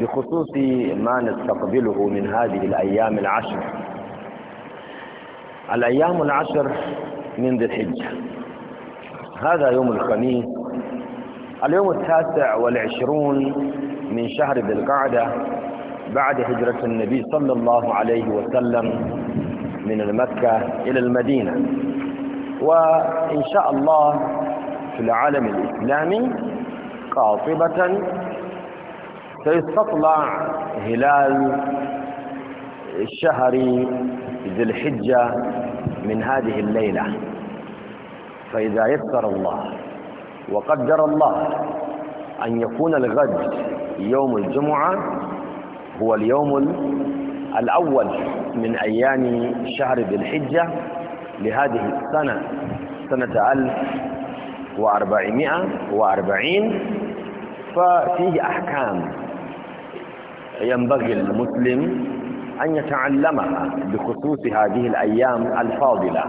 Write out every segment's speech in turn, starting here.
بخصوص ما نستقبله من هذه الأيام العشر الأيام العشر من ذي الحجة هذا يوم الخميس اليوم التاسع والعشرون من شهر ذي القعدة بعد هجرة النبي صلى الله عليه وسلم من المكة إلى المدينة وإن شاء الله في العالم الإسلامي قاطبة سيستطلع هلال الشهر ذي الحجة من هذه الليلة فإذا يسر الله وقدر الله أن يكون الغد يوم الجمعة هو اليوم الأول من أيام شهر ذي الحجة لهذه السنة سنة 1440 ففيه أحكام ينبغي المسلم أن يتعلمها بخصوص هذه الأيام الفاضلة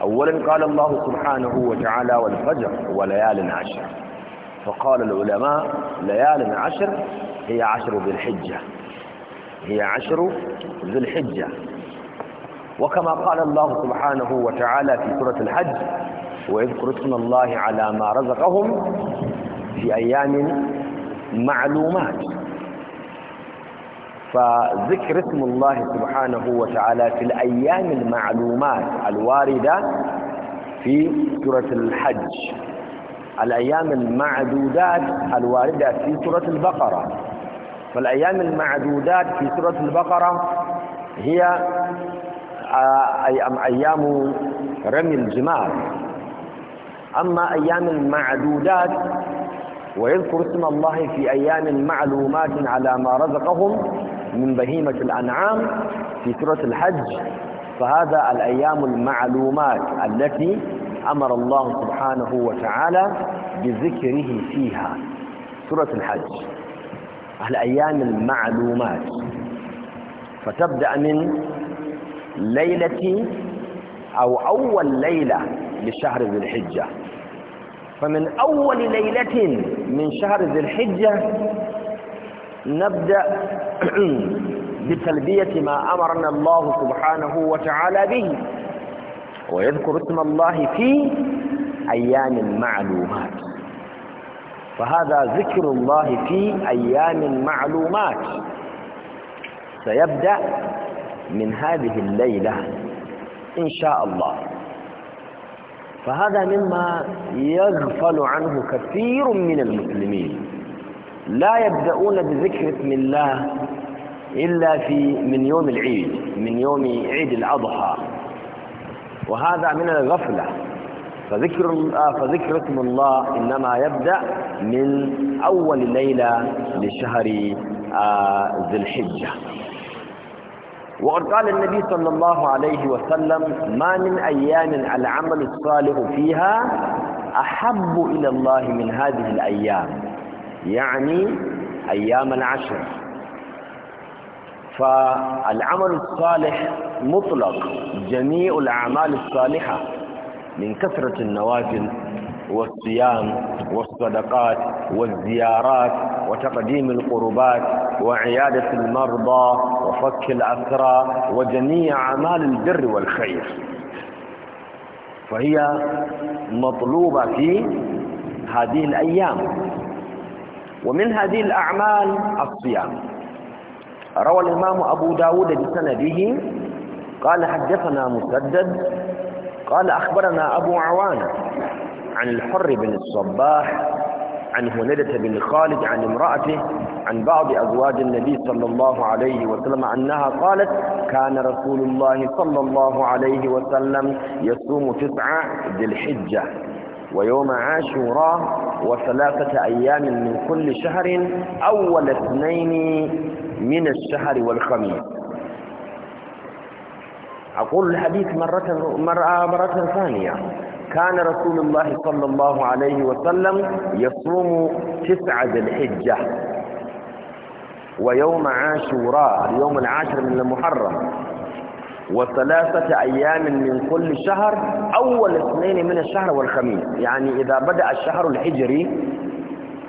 أولا قال الله سبحانه وتعالى والفجر وليال عشر فقال العلماء ليال عشر هي عشر ذي الحجة هي عشر ذي الحجة وكما قال الله سبحانه وتعالى في سورة الحج ويذكر اسم الله على ما رزقهم في أيام معلومات فذكر اسم الله سبحانه وتعالى في الأيام المعلومات الواردة في سورة الحج الأيام المعدودات الواردة في سورة البقرة فالأيام المعدودات في سورة البقرة هي آه، أيام رمي الجمار أما أيام المعدودات ويذكر اسم الله في أيام معلومات على ما رزقهم من بهيمة الأنعام في سورة الحج فهذا الأيام المعلومات التي أمر الله سبحانه وتعالى بذكره فيها سورة الحج الأيام المعلومات فتبدأ من ليلة أو أول ليلة لشهر ذي الحجة فمن أول ليلة من شهر ذي الحجة نبدأ بتلبية ما أمرنا الله سبحانه وتعالى به ويذكر اسم الله في أيام معلومات فهذا ذكر الله في أيام معلومات سيبدأ من هذه الليلة إن شاء الله فهذا مما يغفل عنه كثير من المسلمين لا يبدأون بذكر اسم الله إلا في من يوم العيد من يوم عيد الأضحى وهذا من الغفلة فذكر فذكر اسم الله إنما يبدأ من أول ليلة لشهر آه، ذي الحجة وقد قال النبي صلى الله عليه وسلم ما من أيام العمل الصالح فيها أحب إلى الله من هذه الأيام يعني أيام العشر فالعمل الصالح مطلق جميع الأعمال الصالحة من كثرة النوازل والصيام والصدقات والزيارات وتقديم القربات وعيادة المرضى وفك الأسرى وجميع أعمال البر والخير فهي مطلوبة في هذه الأيام ومن هذه الأعمال الصيام روى الإمام أبو داود بسنده قال حدثنا مسدد قال أخبرنا أبو عوانة عن الحر بن الصباح عن هنيدة بن خالد عن امرأته عن بعض أزواج النبي صلى الله عليه وسلم أنها قالت كان رسول الله صلى الله عليه وسلم يصوم تسعة ذي الحجة ويوم عاشوراء وثلاثة أيام من كل شهر أول اثنين من الشهر والخميس أقول الحديث مرة, مرة, مرة ثانية كان رسول الله صلى الله عليه وسلم يصوم تسعة ذي الحجة ويوم عاشوراء اليوم العاشر من المحرم وثلاثة أيام من كل شهر أول اثنين من الشهر والخميس يعني إذا بدأ الشهر الحجري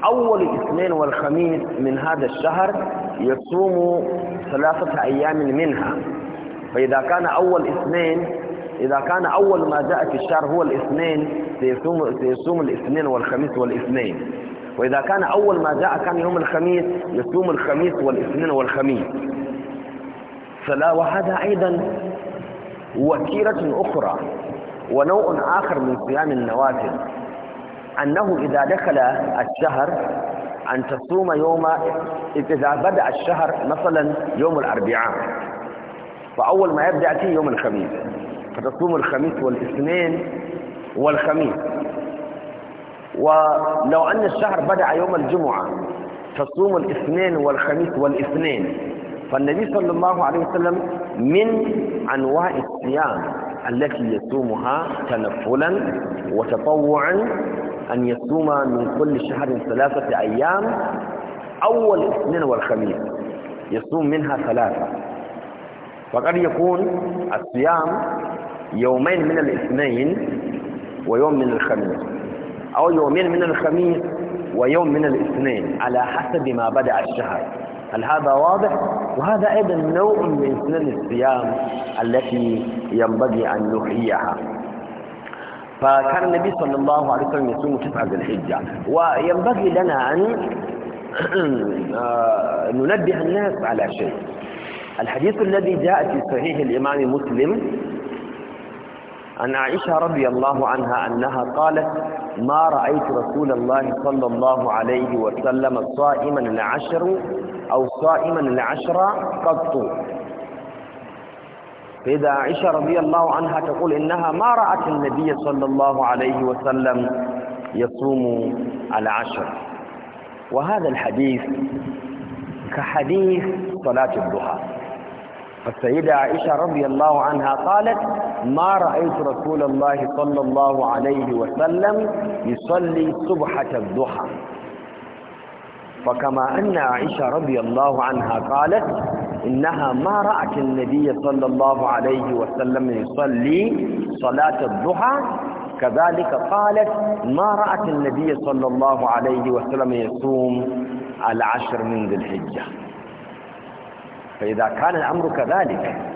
أول اثنين والخميس من هذا الشهر يصوم ثلاثة أيام منها فإذا كان أول اثنين إذا كان أول ما جاء في الشهر هو الاثنين سيصوم, سيصوم الاثنين والخميس والاثنين وإذا كان أول ما جاء كان يوم الخميس يصوم الخميس والاثنين والخميس فلا وهذا أيضا وتيرة أخرى ونوع آخر من صيام النوافل أنه إذا دخل الشهر أن تصوم يوم إذا بدأ الشهر مثلا يوم الأربعاء فأول ما يبدأ فيه يوم الخميس فتصوم الخميس والاثنين والخميس ولو أن الشهر بدأ يوم الجمعة تصوم الاثنين والخميس والاثنين فالنبي صلى الله عليه وسلم من أنواع الصيام التي يصومها تنفلا وتطوعا أن يصوم من كل شهر ثلاثة أيام أول الاثنين والخميس يصوم منها ثلاثة فقد يكون الصيام يومين من الاثنين ويوم من الخميس أو يومين من الخميس ويوم من الاثنين على حسب ما بدأ الشهر هل هذا واضح وهذا أيضا نوع من سنن الصيام التي ينبغي أن نحييها فكان النبي صلى الله عليه وسلم يصوم تسعة ذي الحجة وينبغي لنا أن آه، ننبه الناس على شيء الحديث الذي جاء في صحيح الإمام مسلم عن عائشة رضي الله عنها أنها قالت ما رأيت رسول الله صلى الله عليه وسلم صائما العشر أو صائما العشر قط فإذا عائشة رضي الله عنها تقول إنها ما رأت النبي صلى الله عليه وسلم يصوم العشر وهذا الحديث كحديث صلاة الضحى فالسيدة عائشة رضي الله عنها قالت ما رأيت رسول الله صلى الله عليه وسلم يصلي صبحة الضحى فكما أن عائشة رضي الله عنها قالت إنها ما رأت النبي صلى الله عليه وسلم يصلي صلاة الضحى كذلك قالت ما رأت النبي صلى الله عليه وسلم يصوم العشر من ذي الحجة فإذا كان الأمر كذلك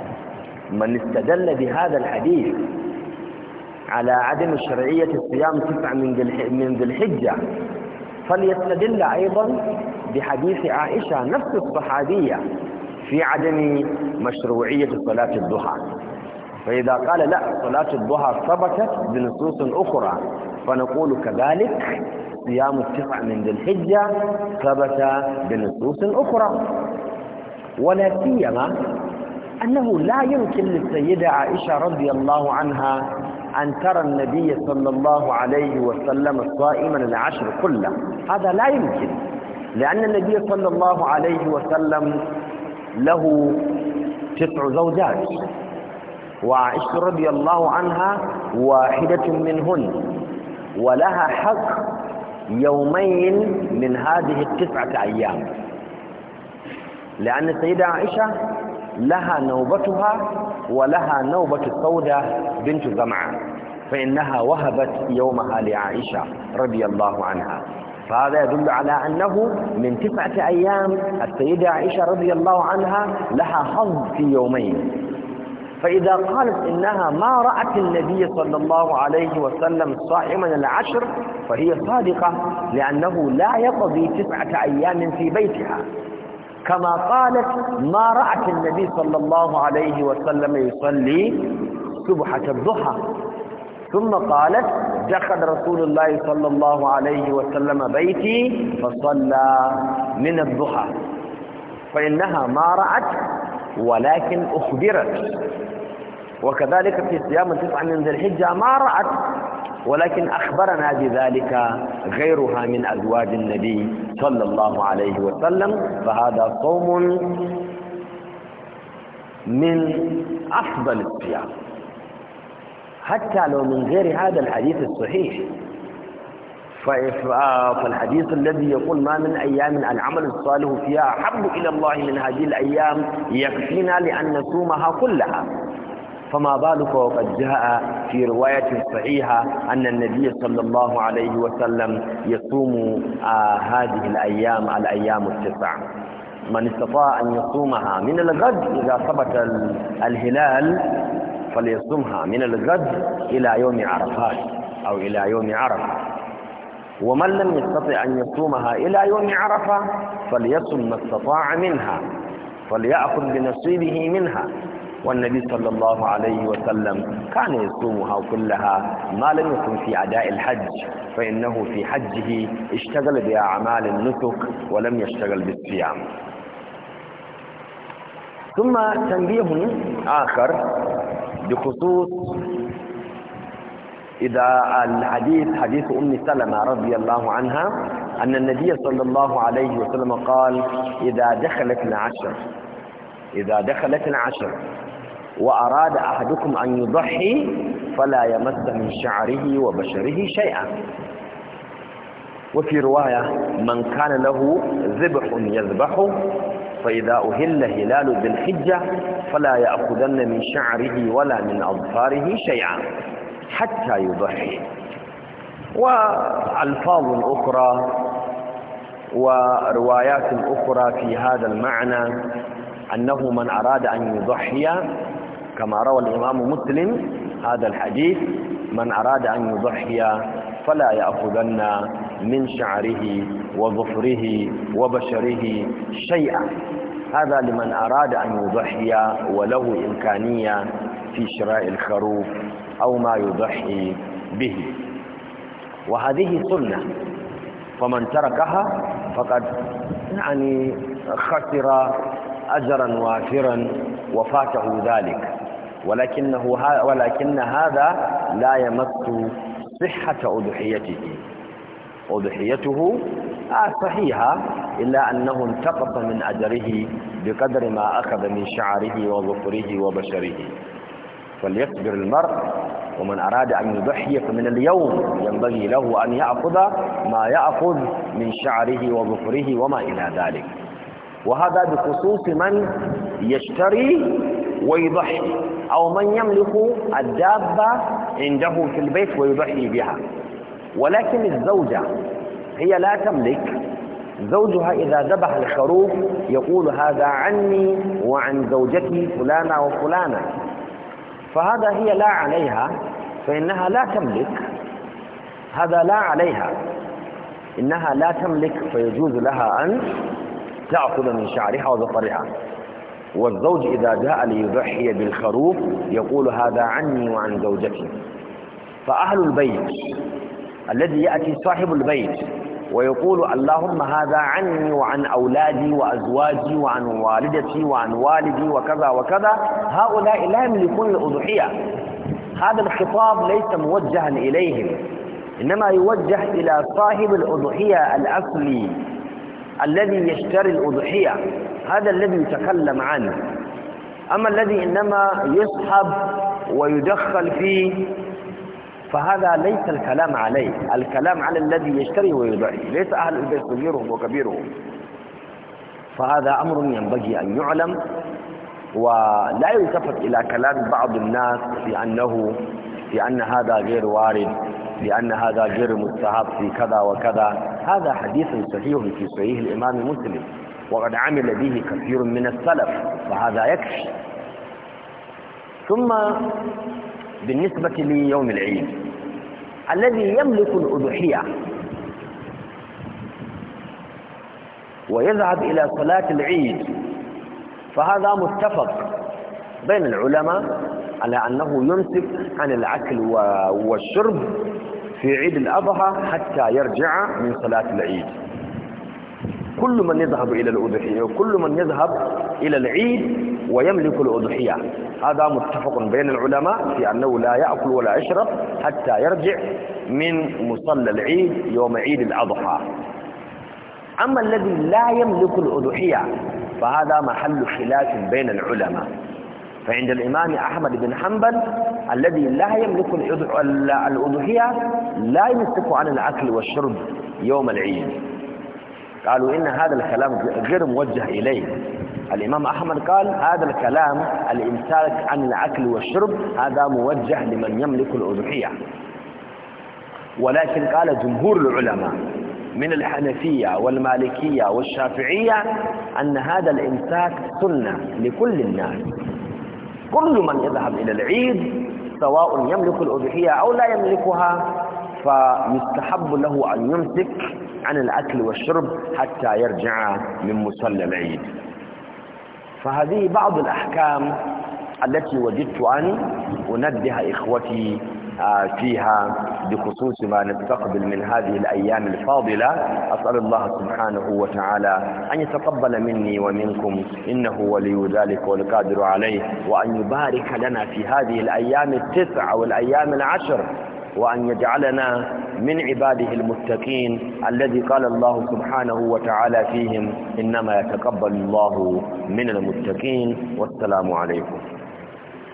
من استدل بهذا الحديث على عدم شرعية الصيام تسعة من ذي الحجة فليستدل أيضا بحديث عائشة نفس الصحابية في عدم مشروعية صلاة الضحى فإذا قال لا صلاة الضحى ثبتت بنصوص أخرى فنقول كذلك صيام التسعة من ذي الحجة ثبت بنصوص أخرى ولا سيما أنه لا يمكن للسيدة عائشة رضي الله عنها أن ترى النبي صلى الله عليه وسلم صائما العشر كله هذا لا يمكن لأن النبي صلى الله عليه وسلم له تسع زوجات وعائشة رضي الله عنها واحدة منهن ولها حق يومين من هذه التسعة أيام لأن السيدة عائشة لها نوبتها ولها نوبة سودة بنت زمعة فإنها وهبت يومها لعائشة رضي الله عنها فهذا يدل على أنه من تسعة أيام السيدة عائشة رضي الله عنها لها حظ في يومين فإذا قالت إنها ما رأت النبي صلى الله عليه وسلم صائما العشر فهي صادقة لأنه لا يقضي تسعة أيام في بيتها كما قالت ما رأت النبي صلى الله عليه وسلم يصلي سبحة الضحى ثم قالت دخل رسول الله صلى الله عليه وسلم بيتي فصلى من الضحى فإنها ما رأت ولكن أخبرت وكذلك في صيام التسعة من ذي الحجة ما رأت ولكن أخبرنا بذلك غيرها من أزواج النبي صلى الله عليه وسلم فهذا صوم من أفضل الصيام حتى لو من غير هذا الحديث الصحيح فالحديث الذي يقول ما من أيام العمل الصالح فيها أحب إلى الله من هذه الأيام يكفينا لأن نصومها كلها فما بالك وقد جاء في رواية صحيحة أن النبي صلى الله عليه وسلم يصوم آه هذه الأيام الأيام التسع من استطاع أن يصومها من الغد إذا ثبت الهلال فليصومها من الغد إلى يوم عرفات أو إلى يوم عرفة ومن لم يستطع أن يصومها إلى يوم عرفة فليصم ما استطاع منها فليأخذ بنصيبه منها والنبي صلى الله عليه وسلم كان يصومها كلها ما لم يكن في أداء الحج فإنه في حجه اشتغل بأعمال النسك ولم يشتغل بالصيام ثم تنبيه آخر بخصوص إذا الحديث حديث أم سلمة رضي الله عنها أن النبي صلى الله عليه وسلم قال إذا دخلت العشر إذا دخلت العشر وأراد أحدكم أن يضحي فلا يمس من شعره وبشره شيئا وفي رواية من كان له ذبح يذبحه فإذا أهل هلال ذي الحجة فلا يأخذن من شعره ولا من أظفاره شيئا حتى يضحي وألفاظ أخرى وروايات أخرى في هذا المعنى أنه من أراد أن يضحي كما روى الإمام مسلم هذا الحديث من أراد أن يضحي فلا يأخذن من شعره وظفره وبشره شيئا هذا لمن أراد أن يضحي وله إمكانية في شراء الخروف أو ما يضحي به وهذه سنة فمن تركها فقد يعني خسر أجرا وافرا وفاته ذلك ولكنه ها ولكن هذا لا يمس صحة أضحيته أضحيته آه صحيحة إلا أنه التقط من أجره بقدر ما أخذ من شعره وظفره وبشره فليصبر المرء ومن أراد أن يضحي فمن اليوم ينبغي له أن يأخذ ما يأخذ من شعره وظفره وما إلى ذلك وهذا بخصوص من يشتري ويضحي أو من يملك الدابة عنده في البيت ويضحي بها ولكن الزوجة هي لا تملك زوجها إذا ذبح الخروف يقول هذا عني وعن زوجتي فلانة وفلانة فهذا هي لا عليها فإنها لا تملك هذا لا عليها إنها لا تملك فيجوز لها أن تأخذ من شعرها وزطرها والزوج إذا جاء ليضحي بالخروف يقول هذا عني وعن زوجتي فأهل البيت الذي يأتي صاحب البيت ويقول اللهم هذا عني وعن أولادي وأزواجي وعن والدتي وعن والدي وكذا وكذا هؤلاء لا يملكون الأضحية هذا الخطاب ليس موجها إليهم إنما يوجه إلى صاحب الأضحية الأصلي الذي يشتري الأضحية هذا الذي يتكلم عنه أما الذي إنما يسحب ويدخل فيه فهذا ليس الكلام عليه الكلام على الذي يشتري ويضحي ليس أهل البيت صغيرهم وكبيرهم فهذا أمر ينبغي أن يعلم ولا يلتفت إلى كلام بعض الناس في أنه في أن هذا غير وارد لأن هذا جرم التهاب في كذا وكذا هذا حديث صحيح في صحيح الإمام مسلم وقد عمل به كثير من السلف فهذا يكفي ثم بالنسبة ليوم العيد الذي يملك الأضحية ويذهب إلى صلاة العيد فهذا متفق بين العلماء على أنه يمسك عن الأكل والشرب في عيد الأضحى حتى يرجع من صلاة العيد كل من يذهب إلى الأضحية وكل من يذهب إلى العيد ويملك الأضحية هذا متفق بين العلماء في أنه لا يأكل ولا يشرب حتى يرجع من مصلى العيد يوم عيد الأضحى أما الذي لا يملك الأضحية فهذا محل خلاف بين العلماء فعند الإمام أحمد بن حنبل الذي لا يملك الأضحية لا يمسك عن الأكل والشرب يوم العيد قالوا إن هذا الكلام غير موجه إليه الإمام أحمد قال هذا الكلام الإمساك عن الأكل والشرب هذا موجه لمن يملك الأضحية ولكن قال جمهور العلماء من الحنفية والمالكية والشافعية أن هذا الإمساك سنة لكل الناس كل من يذهب إلى العيد سواء يملك الأضحية أو لا يملكها فيستحب له أن يمسك عن الأكل والشرب حتى يرجع من مصلى العيد فهذه بعض الأحكام التي وجدت أن أنبه إخوتي آه، فيها بخصوص ما نستقبل من هذه الأيام الفاضلة أسأل الله سبحانه وتعالى أن يتقبل مني ومنكم إنه ولي ذلك والقادر عليه وأن يبارك لنا في هذه الأيام التسع والأيام العشر وأن يجعلنا من عباده المتقين الذي قال الله سبحانه وتعالى فيهم إنما يتقبل الله من المتقين والسلام عليكم